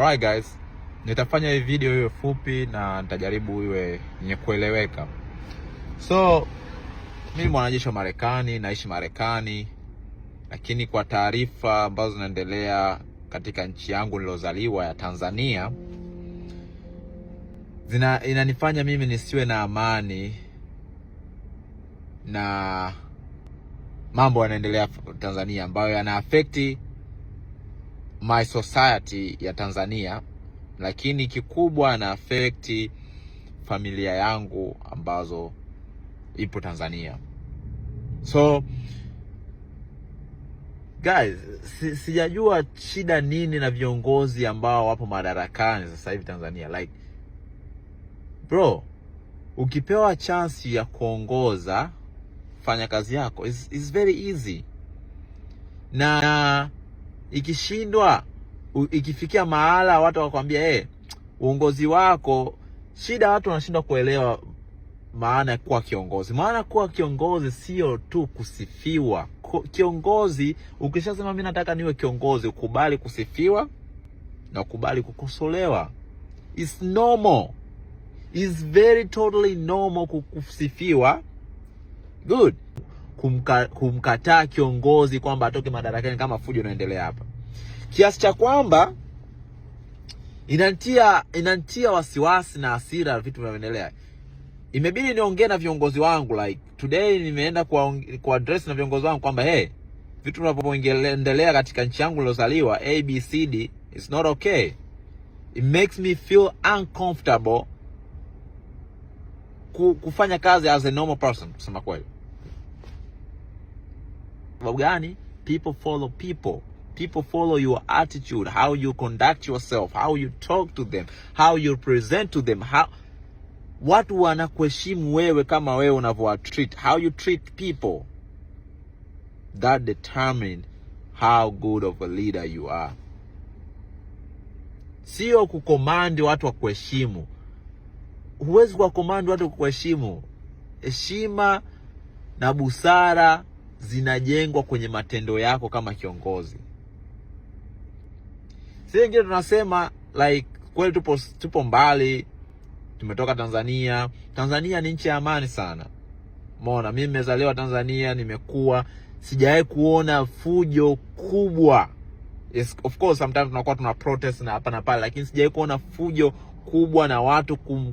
Alright guys, nitafanya hii video iwe fupi na nitajaribu iwe yenye kueleweka. So mimi mwanajeshi wa Marekani, naishi Marekani, lakini kwa taarifa ambazo zinaendelea katika nchi yangu nilozaliwa ya Tanzania zina, inanifanya mimi nisiwe na amani na mambo yanaendelea Tanzania ambayo yana affect my society ya Tanzania, lakini kikubwa na affect familia yangu ambazo ipo Tanzania. So guys, si, sijajua shida nini na viongozi ambao wapo madarakani sasa hivi Tanzania. Like bro, ukipewa chansi ya kuongoza fanya kazi yako. is very easy na ikishindwa, ikifikia mahala watu wakwambia hey, eh, uongozi wako shida. Watu wanashindwa kuelewa maana ya kuwa kiongozi. Maana kuwa kiongozi sio tu kusifiwa. Kiongozi, ukishasema mi nataka niwe kiongozi, ukubali kusifiwa na ukubali kukosolewa. It's normal. It's very totally normal Good. Kumka, kumkataa kiongozi kwamba atoke madarakani kama fujo unaendelea hapa kiasi cha kwamba inantia inantia wasiwasi na hasira vitu vinavyoendelea. Imebidi niongee na viongozi wangu like today, nimeenda kwa kwa address na viongozi wangu kwamba hey, vitu vinavyoendelea katika nchi yangu nilozaliwa ABCD it's not okay, it makes me feel uncomfortable kufanya kazi as a normal person, kusema kweli. Sababu gani? People follow people. People follow your attitude, how you conduct yourself, how you talk to them, how you present to them, how watu wanakuheshimu wewe kama wewe unavyowatreat, how you treat people that determine how good of a leader you are. Sio kukomandi watu wa kuheshimu. Huwezi kuwakomandi watu wa kukuheshimu. Heshima na busara zinajengwa kwenye matendo yako kama kiongozi si wengine tunasema like kweli tupo, tupo mbali, tumetoka Tanzania. Tanzania ni nchi ya amani sana. Umeona, mimi nimezaliwa Tanzania, nimekuwa sijawahi kuona fujo kubwa. Yes, of course sometimes tunakuwa tuna protest na hapa na pale, lakini sijawahi kuona fujo kubwa na watu kum,